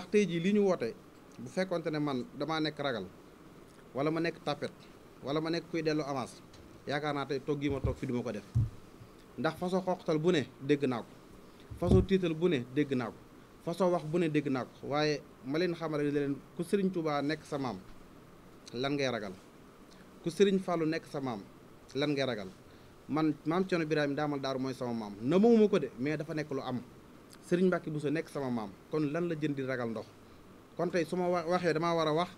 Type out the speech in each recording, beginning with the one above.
ndax tey jii li ñu woote bu fekkonte ne man damaa nekk ragal wala ma nekk tapet wala ma nekk kuy dellu avance yaakaar naa te toog gi ma toog fi du ko def ndax faso xoqtal bu ne dégg naa ko façon tiital bu ne dégg naa ko faso wax bu ne dégg naa ko waaye ma leen xamal la leen ku Serigne Touba nekk sa maam lan ngay ragal ku Serigne Fallou nekk sa maam lan ngay ragal man maam Thierno Birahim daamal daar mooy sama maam namawuma ko de mais dafa nekk lu am. sëriñ Mbacke Bousso nekk sama maam kon lan la jën di ragal ndox kon tey su ma waxee damaa war a wax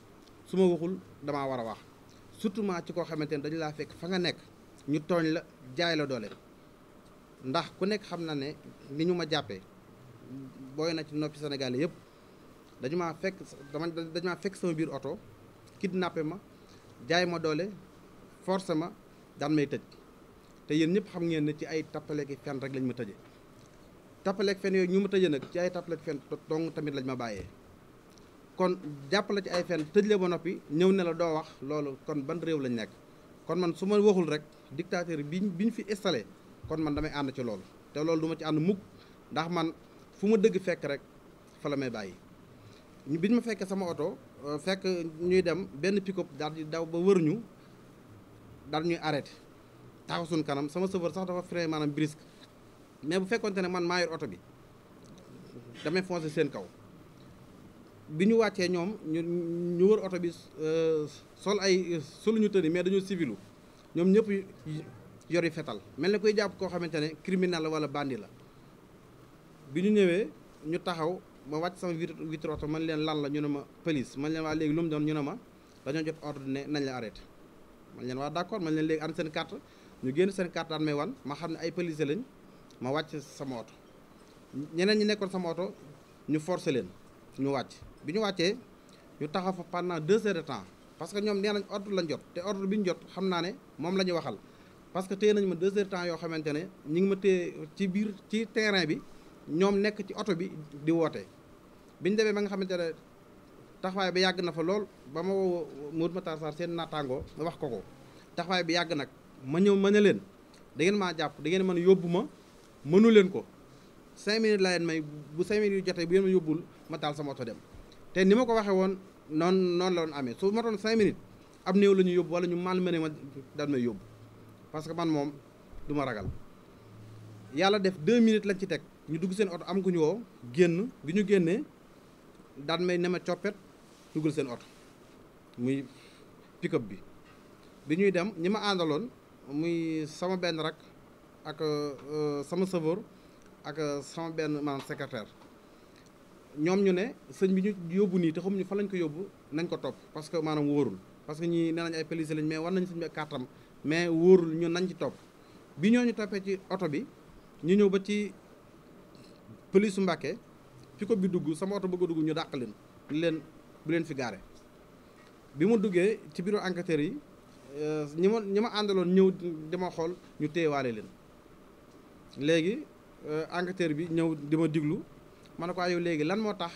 su ma waxul damaa war a wax surtout ment ci koo xamante ne dañu laa fekk fa nga nekk ñu tooñ la jaay la doole ndax ku nekk xam na ne ni ñu ma jàppee booy na ci noppi Sénégal yëpp dañu maa fekk dama dañu fekk sama biir oto kidnappé ma jaay ma doole forcé ma daan may tëj te yéen ñëpp xam ngeen ne ci ay tappale ki fen rek lañ ma tëjee tappaleeg fen yooyu ñu ma tëjee nag ci ay tappaleeg fen dong tamit lañ ma bàyyee kon jàppale ci ay fen tëj la ba noppi ñëw ne la doo wax loolu kon ban réew lañ nekk kon man su ma waxul rek dictateur bi bi ñu fi installé kon man damay ànd ci loolu te loolu duma ci ànd mukk ndax man fu ma dëgg fekk rek fa la may bàyyi bi ñu ma fekkee sama oto euh, fekk ñuy dem benn pick-up daal di daw ba wër ñu daal ñuy arrêté taxaw suñu kanam sama chauffeur sax dafa frein maanaam brisque mais bu fekkonte ne man maa oto bi damay foncer seen kaw bi ñu wàccee ñoom ñu ñu wër oto bi euh, sol ay soluñu yi mais dañu civilu ñoom ñëpp yori fetal mel na koy jàpp koo xamante ne criminel la wala bandi la bi ñu ñëwee ñu taxaw ma wàcc sama vitre oto man leen lan la ñu ne ma police man leen waa léegi lu mu doon ñu ne ma dañoo jot ordre ne nañ la arrêté man leen waa d'accord man leen léegi an seen carte ñu génn seen carte daan may wan ma xam ne ay police lañ ma wàcc sama oto ñeneen ñi nekkoon sama oto ñu force leen ñu wàcc bi ñu wàccee ñu taxaw fa pendant deux heures de temps parce que ñoom nee nañ ordre lañ jot te ordre bi ñu jot xam naa ne moom la ñu waxal parce que téye nañ ma deux heures de temps yoo xamante ne ñi ngi ma téye ci biir ci terrain bi ñoom nekk ci oto bi di woote bi ñu demee ba nga xamante ne taxawaay bi yàgg na fa lool ba ma moo Modou Matar Sarr seen naataangoo ma wax ko ko taxawaay bi yàgg nag ma ñëw ma ne leen da ngeen maa jàpp da ngeen mën yóbbu ma. mënu leen ko cinq minutes laa leen may bu cinq minutes yu jotee bu ngeen ma yóbbul ma taal sama oto dem te ni ma ko waxee woon noonu noonu la amee su ma doon cinq minutes am néew la ñu yóbbu wala ñu mal mëne ma daan may yóbbu parce que man moom du ma ragal yàlla def deux minutes lañ ci teg ñu dugg seen oto am ku ñu woo génn gi ñu génnee daan may ne ma coppet duggal seen oto muy pick bi bi ñuy dem ñi ma àndaloon muy sama benn rak ak euh, sama serveur ak euh, sama benn maanaam secrétaire ñoom ñu ne sëñ bi ñu yóbbu nii te xamuñu fa lañ ko yóbbu nañ ko topp parce que maanaam wóorul parce que ñii nee nañ ay policier lañ mais war nañ sëñ bi kàttam mais wóorul ñun nañ ci topp bi ñoo ñu toppee ci oto bi ñu ñëw ba ci police Mbàkke fi ko bi dugg sama oto bëgg a dugg ñu dàq leen leen bu leen fi gaare bi mu duggee ci bureau enquêteurs yi euh, ñi ma ñi ma àndaloon ñëw dama xool ñu téyewaale leen léegi euh, enquêteur bi ñëw di ma diglu ma ne ko ah, yow léegi lan moo tax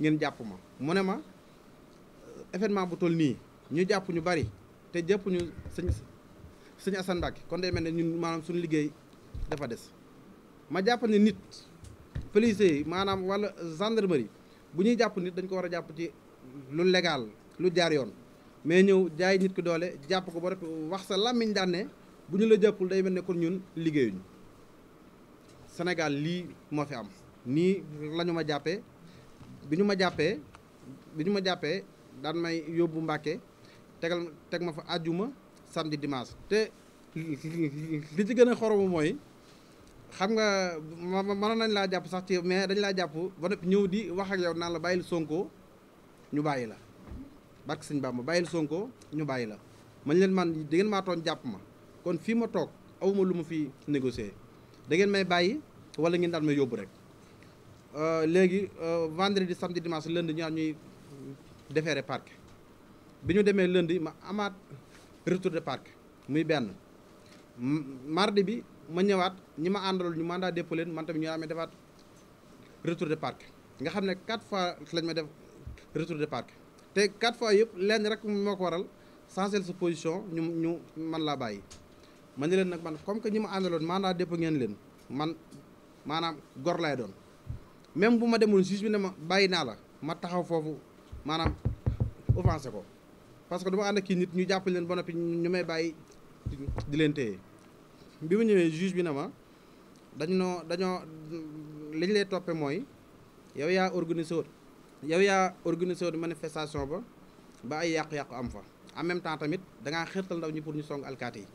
ngeen jàpp ma mu ne ma euh, événement bu toll nii ñu jàpp ñu bari te jàpp ñu sëñ sëñ Assane Mbacke kon day mel ne ñun maanaam suñu liggéey dafa des ma jàpp ne nit police maanaam wala gendarmerie bu ñuy jàpp nit dañ ko war a jàpp ci lu légal lu jaar yoon mais ñëw jaay nit ki doole jàpp ko ba rek wax sa làmmiñ daan bu ñu la jàppul day mel ne kon ñun liggéeyuñu senegal lii moo fi am nii lañu ma jàppee bi ñu ma jàppee bi ñu ma jàppee daan may yóbbu Mbàkke tegal teg ma fa àjjuma samedi dimanche te li ci gën a xoromu mooy xam nga mënoon nañ laa jàpp sax ci mais dañ laa jàpp ba noppi ñëw di wax ak yow naan la bàyyil Sonko ñu bàyyi la barke Sëñ Bàmba bàyyil Sonko ñu bàyyi la man leen man di ngeen maa toon jàpp ma kon fii ma toog awuma lu mu fi négocier da ngeen may bàyyi wala ngeen daan may yóbbu rek euh, léegi euh, vendredi samedi dimanche lundi ñu ñuy déféré parquet bi ñu demee lundi ma amaat retour de park muy benn mardi bi ma ñëwaat ñi ma àndaloon ñu mandat dépôt leen man tamit ñu amee defaat retour de parquet nga xam ne quatre fois lañ ma def retour de parquet te quatre fois yëpp lenn rek moo ko waral changer sa position ñu ñu man laa bàyyi. ma ne leen nag man comme que ñi ma àndaloon mandat dépôt ngeen leen man maanaam gor lay doon même bu ma demoon juge bi na ma bàyyi naa la ma taxaw foofu maanaam offensé ko parce que dama ànd kii nit ñu jàppale leen ba noppi ñu may bàyyi di leen téye bi mu ñëwee juge bi na ma dañu noo dañoo li ñu lay toppee mooy yow yaa organisé woon yow yaa organisé woon manifestation ba ba ay yàqu-yàqu am fa en même temps tamit da ngaa xirtal ndaw ñi pour ñu song alkaati yi.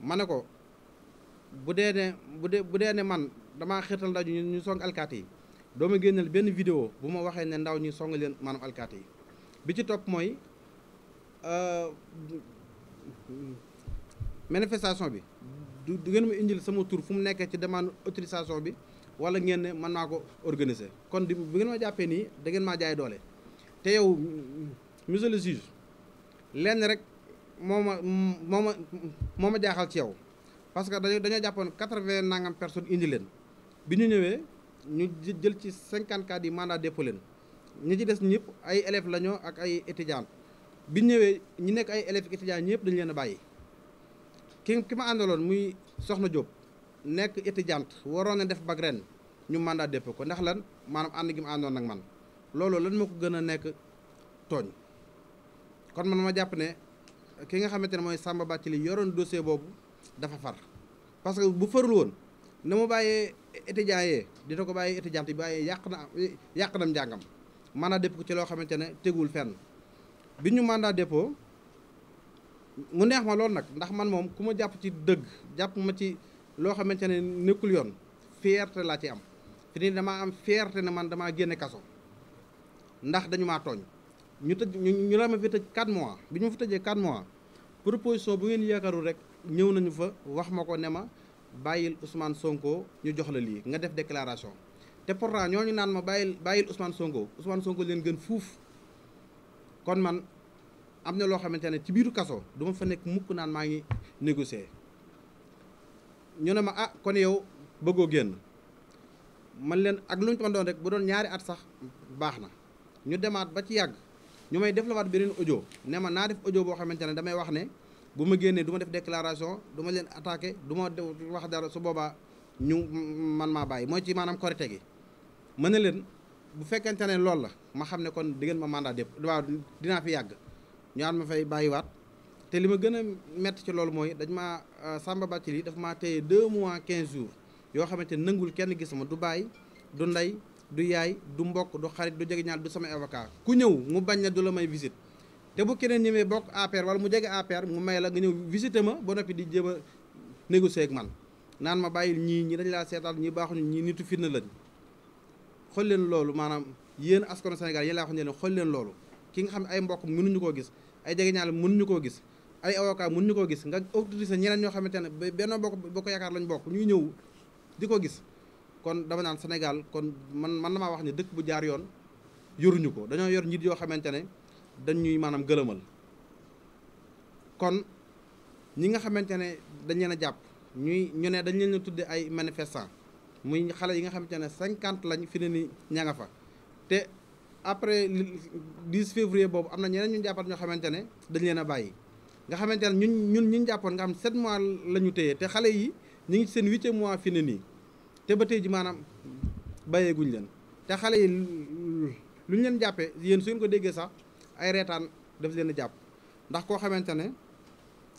ma ne ko bu dee ne bu dee bu dee ne man damaa xeetal ndaw ñu ñu song alkaati yi doo ma génneel benn vidéo bu ma waxee ne ndaw ñi song leen maanaam alkaati yi bi ci topp mooy euh, manifestation bi du du ngeen ma indil sama tur fu mu nekkee ci demande autorisation bi wala ngeen ne mën naa ko organiser kon di bu ngeen ma jàppee nii dangeen ngeen maa jaay doole te yow monsieur lenn rek. moo ma moo ma moo ma jaaxal ci yow parce que dañu dañoo jàppoon quatre-vingt nangam personnes indi leen bi ñu ñëwee ñu jël ci cinquante cas yi mandat dépôt leen ñi ci des ñëpp ay élèves lañu ak ay étudiants bi ñu ñëwee ñu nekk ay élèves étudiants ñëpp dañu leen a bàyyi ki ki ma àndaloon muy Soxna Diop nekk étudiante waroon na def bag ren ñu mandat dépôt ko ndax lan maanaam ànd gi ma àndoon ak man loolu lan moo ko gën a nekk tooñ kon man ma jàpp ne. ki nga xamante ne mooy Samba Bathily yoroon dossier boobu dafa far parce que bu farul woon na mu bàyyee étudiant yee dina ko bàyyee étudiant yi bàyyee yàq na yàq nam njàngam mandat dépôt ko ci loo xamante ne tegul fenn bi ñu mandat dépôt mu neex ma loolu nag ndax man moom ku ma jàpp ci dëgg jàpp ma ci loo xamante ne nekkul yoon fierté laa ci am fi ni damaa am fierté ne man damaa génne kaso ndax dañu maa tooñ ñu tëj ñu ñu la ma fi tëj 4 mois bi ñu ma fi tëjee 4 mois proposition bu ngeen yaakaarul rek ñëw nañu fa wax ma ko ne ma bàyyil Ousmane Sonko ñu jox la lii nga def déclaration te ñoo ñu naan ma bàyyil bàyyil Ousmane Sonko Ousmane Sonko leen gën fuuf kon man am na loo xamante ne ci biiru kaso du fa nekk mukk naan maa ngi négocier ñu ne ma ah kon yow bëggoo génn man leen ak lu ñu ma doon rek bu doon ñaari at sax baax na ñu demaat ba ci yàgg. ñu may def la waat beneen audio ne ma naa def audio boo xamante ne damay wax ne bu ma génnee duma def déclaration du leen attaqué duma ma wax dara su boobaa ñu man maa bàyyi mooy ci maanaam korite gi mën na leen bu fekkente ne loolu la ma xam ne kon di ngeen ma mandat dépp waaw dinaa fi yàgg ñu aan ma fay bàyyiwaat te li ma gën a mett ci loolu mooy dañ ma euh, Samba Bathily daf ma téye deux mois quinze jours yoo xamante ne nangul kenn gis ma du bàyyi du ndey du yaay du mbokk du xarit du jegeñaal du sama avocat ku ñëw mu bañ na du la may visite te bu keneen ñëwee bokk APR wala mu jege APR mu may la nga ñëw visiter ma ba noppi di jéem a négocier ak man naan ma bàyyil ñii ñii dañ laa seetaan ñi baaxuñu ñii fii na lañ xool leen loolu maanaam yéen askanu Sénégal yéen laa wax ne xool leen loolu ki nga xam ne ay mbokk mënuñu koo gis ay jegeñaal mënuñu koo gis ay avocat mënuñu koo gis nga autorisé ñeneen ñoo xamante ne benn bokk boo ko yaakaar lañ bokk ñuy ñëw di ko gis kon dama naan Sénégal kon man man na maa wax ne dëkk bu jaar yoon yoruñu ko dañoo yor njiit yoo xamante ne dañuy maanaam gëlëmal kon ñi nga xamante ne dañ leen a jàpp ñuy ñu ne dañ leen a tudde ay manifestant muy xale yi nga xamante ne cinquante lañ fi ne ni ña nga fa te après 10 février boobu am na ñeneen ñu jàppat ñoo xamante ne dañ leen a bàyyi nga xamante ne ñun ñun ñu jàppoon nga xam ne 7 mois la ñu téye te xale yi ñu ngi seen huitième mois fi nii te ba tey ji maanaam bàyyeeguñ leen te xale yi luñ leen jàppee yenn su ngeen ko déggee sax ay reetaan daf leen a jàpp ndax koo xamante ne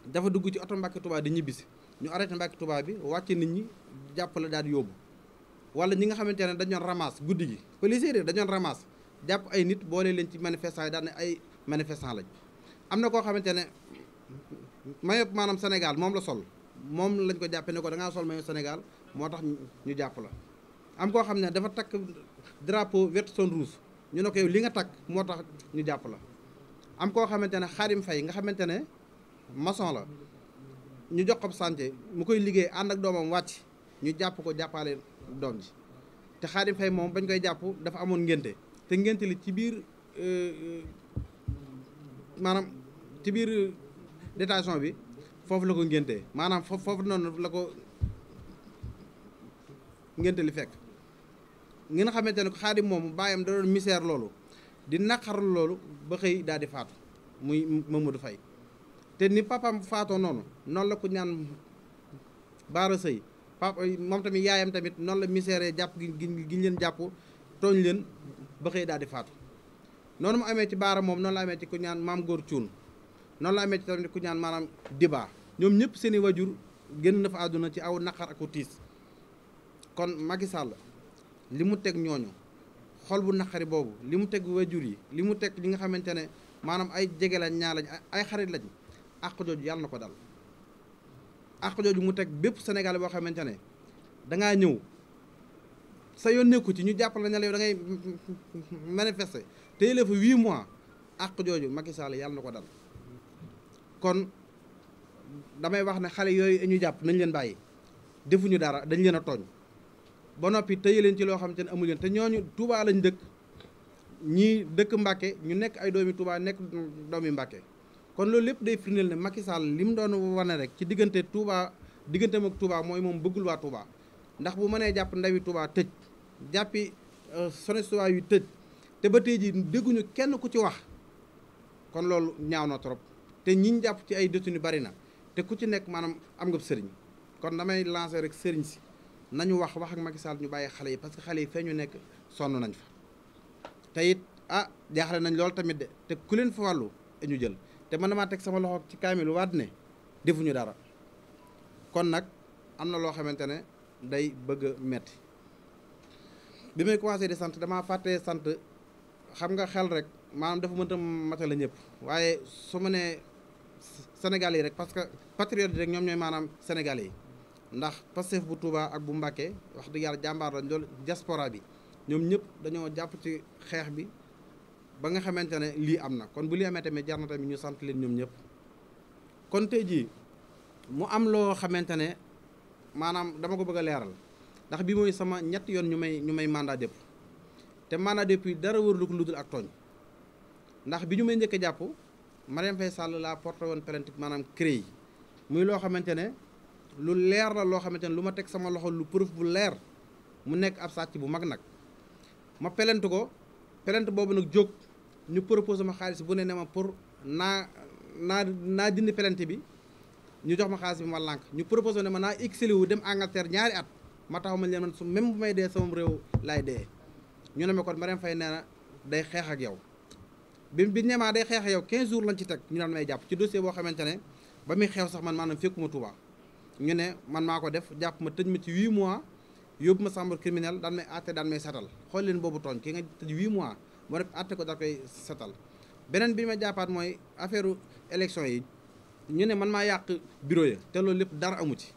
dafa dugg ci oto Mbàkke Tuubaa di ñibbisi ñu arrêté Mbàkke tubaab bi wàcce nit ñi jàpp la daal di yóbbu wala ñi nga xamante ne dañoon ramasse guddi gi police yi dañoon ramasse jàpp ay nit boole leen ci manifestant yi ay manifestant lañ am na koo xamante ne mayo maanaam Sénégal moom la sol moom lañ ko jàppe ne ko da sol mayo Sénégal moo tax ñu jàpp la am koo xam ne dafa takk drapeau vert jaune rouge ñu ne ko yow li nga takk moo tax ñu jàpp la am koo xamante ne xaarim fay nga xamante ne mason la ñu jox ko santé mu koy liggéey ànd ak doomam wàcc ñu jàpp ko jàppale doom ji te xaarim fay moom bañ koy jàpp dafa amoon ngénte te ngénte li ci biir euh, maanaam ci biir euh, détention bi foofu la ko ngéntee maanaam foofu noonu la ko ngénte li fekk ngeen xamante ne ko xaadim moomu baayam da doon misère loolu di naqarlu loolu ba xëy daal di faatu muy du Faye te ni papam faatoo noonu noonu la ku ñaan baara sëy papa moom tamit yaayam tamit noonu la misère jàpp gi giñ leen jàpp tooñ leen ba xëy daal di faatu noonu mu amee ci baara moom noonu la amee ci ku ñaan maam góor cuun noonu la amee ci tamit ku ñaan maanaam dibaa ñoom ñëpp seeni i wajur génn na fa àdduna ci aw naqar ak tiis kon Macky Sall li mu teg ñooñu xol bu naqari boobu li mu teg wajur yi li mu teg li nga xamante ne maanaam ay jege lañ ñaa lañ ay xarit lañ àq jooju yàlla na ko dal àq jooju mu teg bépp Sénégal boo xamante ne dangaa ñëw sa yoon nekku ci ñu jàppale ne da ngay manifester tey la mois àq jooju Macky Sall yàlla na ko dal kon damay wax ne xale yooyu ñu jàpp nañ leen bàyyi defuñu dara dañ leen a tooñ ba noppi tëye leen ci loo xamante ne amuñu leen te ñooñu Touba lañ dëkk ñii dëkk Mbacke ñu nekk ay doomi Touba nekk doomi Mbacke kon loolu lépp day firndeel ne Macky Sall li mu doon wane rek ci diggante Touba digganteem ak Touba mooy moom bëggul waa Touba ndax bu mënee jàpp ndawi Touba tëj jàppi euh, sones Touba yu tëj te ba tey ji dégguñu kenn ku ci wax kon loolu ñaaw na trop te ñiñ jàpp ci ay détenu bari na te ku ci nekk maanaam am nga sëriñ kon damay lancer rek sëriñ si nañu wax wax ak Macky Sall ñu bàyyi xale yi parce que xale yi fee ñu nekk sonn nañ fa te it ah jaaxle nañ loolu tamit de te ku leen fa wàllu e ñu jël te man damaa teg sama loxo ci kaamil waat ne defuñu dara kon nag am na loo xamante ne day bëgg metti bi may commencé di sant damaa fàtte sant xam nga xel rek maanaam dafa mënta matale ñëpp waaye su ma nee Sénégal yi rek parce que patriote yi rek ñoom ñooy maanaam Sénégal yi ndax Pastef bu Touba ak bu Mbacké wax dëgg yàlla jàmbaar lañ lool diaspora bi ñoom ñëpp dañoo jàpp ci xeex bi ba nga xamante ne lii am na kon bu lii amee tamit jar na tamit ñu sant leen ñoom ñëpp kon tey jii mu am loo xamante ne maanaam dama ko bëgg a leeral ndax bi mooy sama ñetti yoon ñu may ñu may mandat dépôt te mandat dépôt yi dara wërlu ko lu dul ak tooñ ndax bi ñu may njëkk jàpp Marième Faye Sall laa porte woon plainte maanaam CREI muy loo xamante ne lu leer la loo xamante ne lu ma teg sama loxo lu preuve bu leer mu nekk ab sàcc bu mag nag ma pelente ko pelente boobu nag jóg ñu proposé ma xaalis bu ne ne ma pour naa naa naa dindi pelente bi ñu jox ma xaalis bi ma lànk ñu proposé ne ma naa exilé wu dem Angleterre ñaari at ma taxaw ma leen man su même bu may dee sama réew laay dee ñu ne ma kon Marème Faye nee na day xeex ak yow bi bi ñemaa day xeex ak yow 15 jours lañ ci teg ñu daan may jàpp ci dossier boo xamante ne ba muy xew sax man maanaam fekkuma Touba ñu ne man maa ko def jàpp ma tëj ma ci huit mois yóbbu ma chambre criminelle daan may àtte daan may setal xool leen boobu tooñ ki nga tëj huit mois moo def àtte ko da koy setal beneen bi ma jàppaat mooy affaire élection yi ñu ne man maa yàq bureau ya te loolu lépp dara amu ci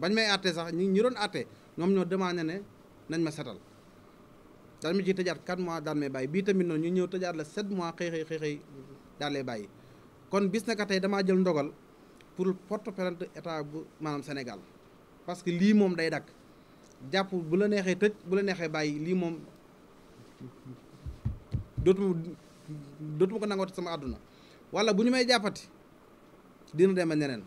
bañ may àtte sax ñi ñi doon àtte ñoom ñoo demandé ne nañ ma setal daan ma ciy tëjaat 4 mois daan may bàyyi bii tamit noonu ñu ñëw tëjaat la 7 mois xëy xëy xëy xëy daan lay bàyyi kon bis naka damaa jël ndogal pour porte plainte état bu maanaam Sénégal parce que lii moom day dakk jàpp bu la neexee tëj bu la neexee bàyyi lii moom dootuma dootuma ko nangooti sama àdduna wala bu ñu may jàppati dina demee neneen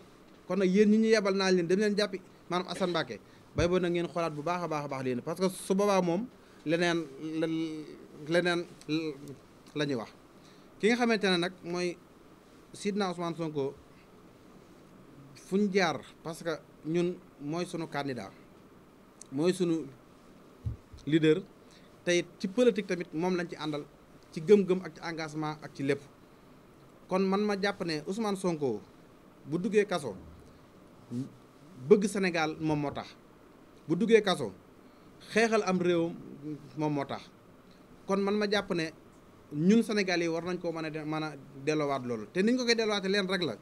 kon nag yéen ñi ñu yebal naa leen dem leen jàppi maanaam Assane bay boo na ngeen xoolaat bu baax baax a baax leen parce que su boobaa moom leneen leneen la wax ki nga xamante ne nag mooy Sidna Ousmane Sonko fu ñu jaar parce que ñun mooy sunu candidat mooy sunu leader tey ci politique tamit moom lañ ci àndal ci gëm-gëm ak engagement ak ci lépp kon man ma jàpp ne Ousmane Sonko bu duggee kaso bëgg Sénégal moom moo tax bu duggee kaso xeexal am réew moom moo tax kon man ma jàpp ne ñun Sénégal yi war nañ koo mën a mën a delloowaat loolu te niñ ko koy delloowaatee leen rek la.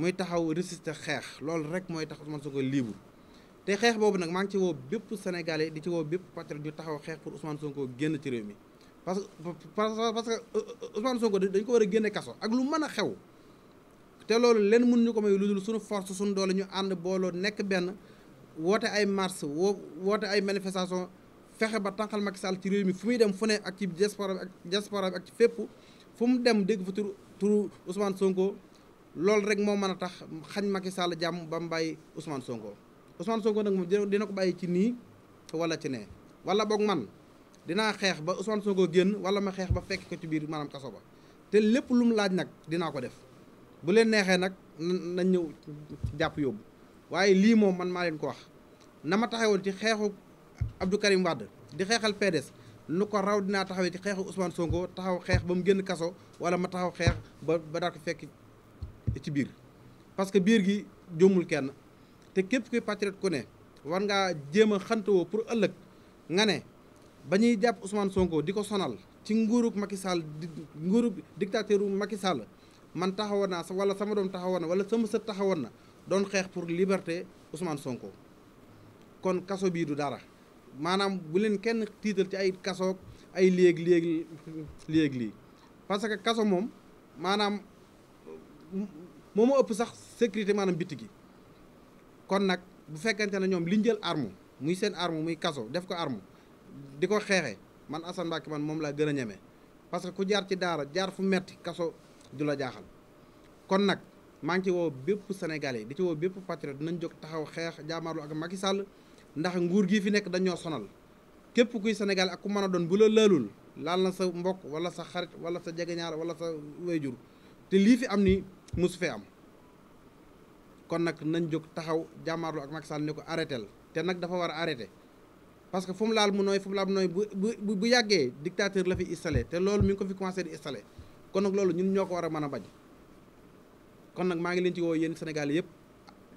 muy taxaw résister xeex loolu rek mooy tax Ousmane Sonko liibu te xeex boobu nag maa ngi ci woo bépp sénégalais di ci woo bépp patriote ñu taxaw xeex pour Ousmane Sonko génn ci réew mi parce que parce que euh, euh, Ousmane Sonko dañ ko war a génne kaso ak lu mën a xew te loolu leen mën ñu ko may lu dul suñu force suñu doole ñu ànd booloo nekk benn woote ay marche woo woote ay manifestation fexe ba tànqal Macky Sall ci réew mi fu muy dem fu ne ak ci diaspora bi ak diaspora bi ak fépp fu mu dem dégg fa turu Sonko loolu rek moo mën a tax xañ Macky saala jàmm ba mu bàyyi Ousmane Sonko Ousmane Sonko nag moom dina ko bàyyi ci nii walla ci nee wala boog man dinaa xeex ba Ousmane Sonko génn wala ma xeex ba fekk ci biir maanaam kaso ba te lépp lu laaj nag dinaa ko def bu leen neexee nag nañ ñëw jàpp waaye lii moom man maa leen ko wax na ma taxawoon ci xeexu Abdou Karim Wade di xeexal PDS lu ko raw dinaa taxawee ci xeexu Ousmane Sonko taxaw xeex ba mu génn kaso wala ma taxaw xeex ba ba ko fekk ci biir parce que biir gi jommul kenn te képp ku patriote ku ne war ngaa jéem a xantawoo pour ëllëg nga ne ba ñuy jàpp Ousmane Sonko di ko sonal ci nguurug Macky Sall di nguurug dictateur Macky Sall man taxawoon naa wala sama doom taxawoon na wala sama sët taxawoon na doon xeex pour liberté Ousmane Sonko kon kaso bii du dara maanaam bu leen kenn tiital ci ay kasoog ay léeg léeg léeg lii parce kaso moom maanaam moo ma ëpp sax sécurité maanaam bitti gi kon nag bu fekkente ne ñoom liñ jël arme muy seen armu muy kaso def ko armu di ko xeexee man Assane Mbacké man moom laa gën a ñeme parce que ku jaar ci daara jaar fu metti kaso du la jaaxal kon nag maa ngi ci woo bépp sénégalais di ci woo bépp patriote dinañ jóg taxaw xeex jaamaarlu ak Macky Sall ndax nguur gii fi nekk dañoo sonal képp kuy sénégalais ak ku mën a doon bu la laalul laal na sa mbokk wala sa xarit wala sa jegeñaar wala sa wéyjur te lii fi am ni musu fee am kon nag nañ jóg taxaw jàmmaarlu ak Macky Sall ne ko arrêté la te nag dafa war a arrêté parce que fu laal mu nooy fu mu laal mu nooy bu bu bu yàggee dictateur la fi installé te loolu mi ngi ko fi commencé di installé kon nag loolu ñun ñoo ko war a mën a bañ kon nag maa ngi leen ci woo yéen Sénégal yëpp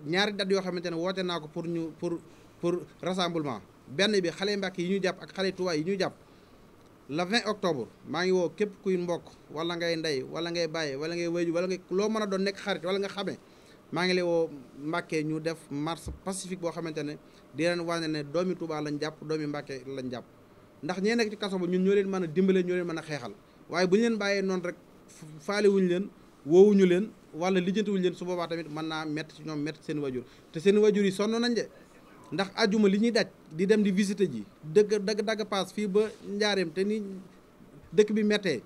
ñaari date yoo xamante ne woote naa ko pour ñu pour pour rassemblement benn bi xale Mbàkke yi ñu jàpp ak xale Tuubaa yi ñu jàpp. la 20 octobre maa ngi woo képp kuy mbokk wala ngay ndey wala ngay bàyyee wala ngay wéju wala ngay loo mën a doon nekk xarit wala nga xamee maa ngi lay woo Mbàkke ñu def marche pacifique boo xamante ne di leen wane ne doomi Touba lañ jàpp doomi Mbàkke lañ jàpp ndax ñeen nekk ci kaso ba ñun ñoo leen mën a dimbale ñoo leen mën a xeexal waaye bu ñu leen bàyyee noonu rek faale leen woowuñu leen wala lijjanti wuñu leen su boobaa tamit mën naa métti ci ñoom seen wajur seen wajur yi sonn nañ de ndax ajuma li ñuy daj di dem di visiter ji dëgg dagg dagg paas fii ba njaareem te ni dëkk bi méttee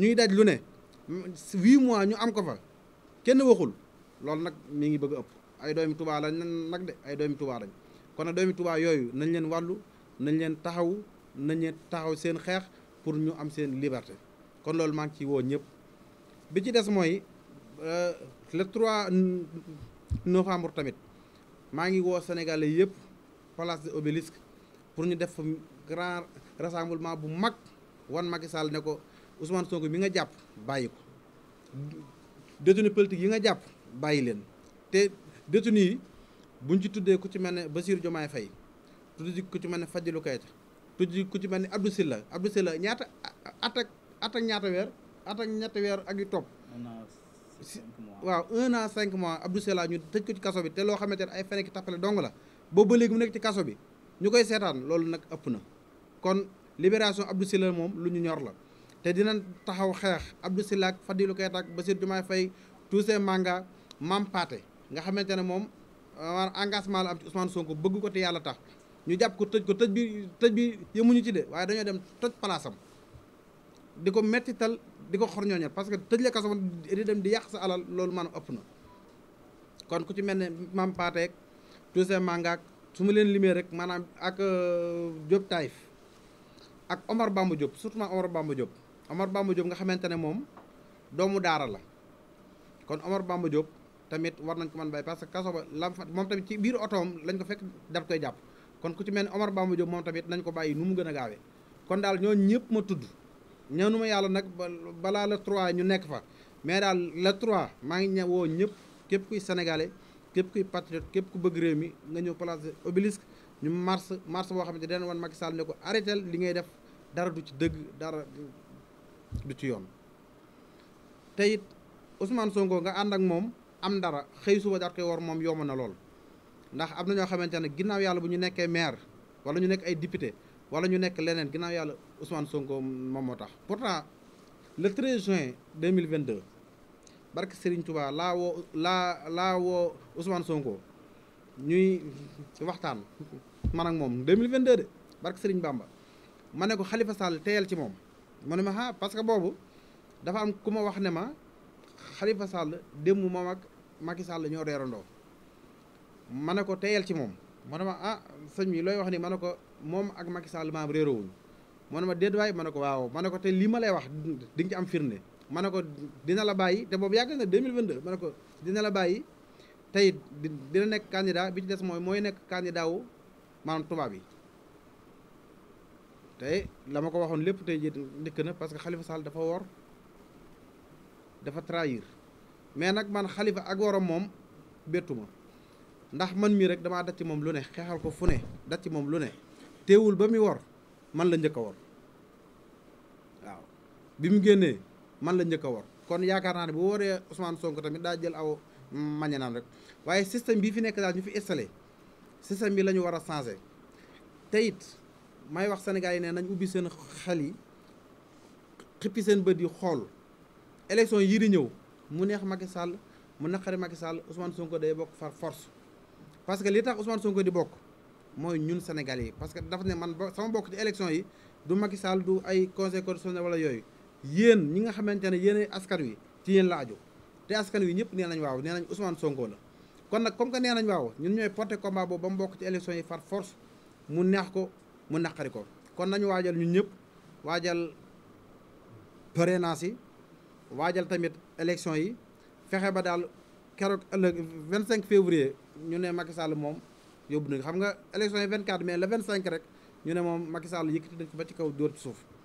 ñuy daj lu ne huit mois ñu am ko fa kenn waxul loolu nag mi ngi bëgg ëpp ay doomi Tuubaa lañ nag de ay doomi Tuubaa kon nag doomi Tuubaa yooyu nañ leen wàllu nañ leen taxaw nañ leen taxaw seen xeex pour ñu am seen liberté kon loolu maa ngi ciy woo ñëpp bi ci des mooy euh, le 3 novembre tamit maa ngi woo sénégalais yëpp place de obélisque pour ñu def fa grand rassemblement bu mag wan Macky Sall ne ko Ousmane Sonko mi nga jàpp bàyyi ko détenu politique yi nga jàpp bàyyi leen te détenu yi buñ ci tuddee ku ci mel ne Bassirou Diomaye Faye tuddi ku ci mel ne Fadilou Keïta tuddi ku ci mel ni Abdou Sylla Abdou Sylla ñaata at ak ñaata weer at ak weer ak yu topp waaw un an cinq mois Abdou Sela ñu tëj ko ci kaso bi te loo xamante ne ay feneki tappale dong la boobu ba léegi mu nekk ci kaso bi ñu koy seetaan loolu nag ëpp na kon libération Abdou Sela moom lu ñu ñor la te dina taxaw xeex Abdou Sela ak Fadilou Keita ak Bassirou Diomaye Faye Toussaint Manga Mame Pathé nga xamante ne moom engagement la am ci Ousmane Sonko bëgg ko te yàlla tax ñu jàpp ko tëj ko tëj bi tëj bi yemuñu ci de waaye dañoo dem toj palaasam di di ko xor ñooñal parce que tëj la kaso di dem di yàq sa alal loolu maanaam ëpp na kon ku ci mel ne maam Pateek Toussaint Manga su ma leen limee rek maanaam ak euh, Diop Taïf ak Omar Bamba Diop surtout Omar Bamba Diop Omar Bamba Diop nga xamante ne moom doomu daara la kon Omar Bamba Diop tamit war nañ ko mën bay parce que kaso ba la moom tamit ci biir otoom lañ ko fekk daf koy jàpp kon ku ci mel ne Omar Bamba Diop moom tamit nañ ko bàyyi nu mu gën a gaawee kon daal ñooñu ñëpp ma tudd. ma yàlla nag balaa la 3 ñu nekk fa mais daal la 3 maa ngi ñëw woo ñëpp képp kuy sénégalais képp kuy patriote képp ku bëgg réew mi nga ñëw place obélisque ñu mars mars boo xamante den wan Macky Sall ne ko arrêté li ngay def dara du ci dëgg dara du ci yoon te it Ousmane Sonko nga ànd ak moom am dara xëy suba daat koy war moom yomb na lool ndax am na ñoo xamante ne ginnaaw yàlla bu ñu nekkee maire wala ñu nekk ay député wala ñu nekk leneen ginnaaw yàlla Ousmane Sonko moom moo tax pourtant le 13 juin mille 2022 barke Serigne Touba laa woo laa laa woo Ousmane Sonko ñuy waxtaan man ak moom 2022 de barke Serigne Bamba ma ne ko Khalifa Sall teyal ci moom mu ne ma ah parce que boobu dafa am ku ma wax ne ma Khalifa Sall démb moom ak Macky ñoo reerandoo ma ne ko teyal ci moom mu ne ma ah, sëñ bi looy wax ni ma ne ko moom ak Macky Sall maam réerowuñu mu ne ma déet waay ma ne ko waaw ma ne ko te lii ma lay wax di ci am firnde ma ne ko dina la bàyyi te boobu yàgg na 2022 ma ne ko dina la bàyyi tey dina nekk candidat bi ci des mooy mooy nekk candidat wu maanaam tubaab yi tey la ma ko waxoon lépp tey jii ndikk na parce que Khalifa Sall dafa wor dafa trahir mais nag man Khalifa ak woroom moom bettu ma ndax man mii rek damaa daj ci moom lu ne xeexal ko fu ne daj ci moom lu ne teewul ba muy wor man la njëkk a war waaw bi mu génnee man la njëkk a war kon yaakaar naa ne bu waree Ousmane Sonko tamit daa jël aw mañanaan rek waaye système bii fi nekk daal ñu fi installé système bi lañu ñu war a changé te it may wax Sénégal yi ne nañ ubbi seen xel yi xippi seen bët yi xool élection yii di ñëw mu neex Macky Sall mu naqari Macky Sall Ousmane Sonko day bokk far force parce que li tax Ousmane Sonko di bokk. mooy ñun Sénégalais yi parce que dafa ne man ba sama mbokk ci élection yi du Macky Sall du ay conseil constitutionnel wala yooyu yéen ñi nga xamante ne yéen askan wi ci yéen la aju te askan wi ñëpp nee nañ waaw nee nañ Ousmane Sonko la kon nag comme nee nañ waaw ñun ñooy porté combat boobu ba mu yi far force mu neex ko mu naqari ko kon nañu waajal ñu ñëpp waajal parrainage yi waajal tamit élection yi fexe ba daal keroog ëllëg 25 février ñu ne Macky Sall moom yóbbu nañ xam nga élection yi 24 mais le 25 rek ñu ne moom Macky Sall yëkkati nañ ba ci kaw dóor suuf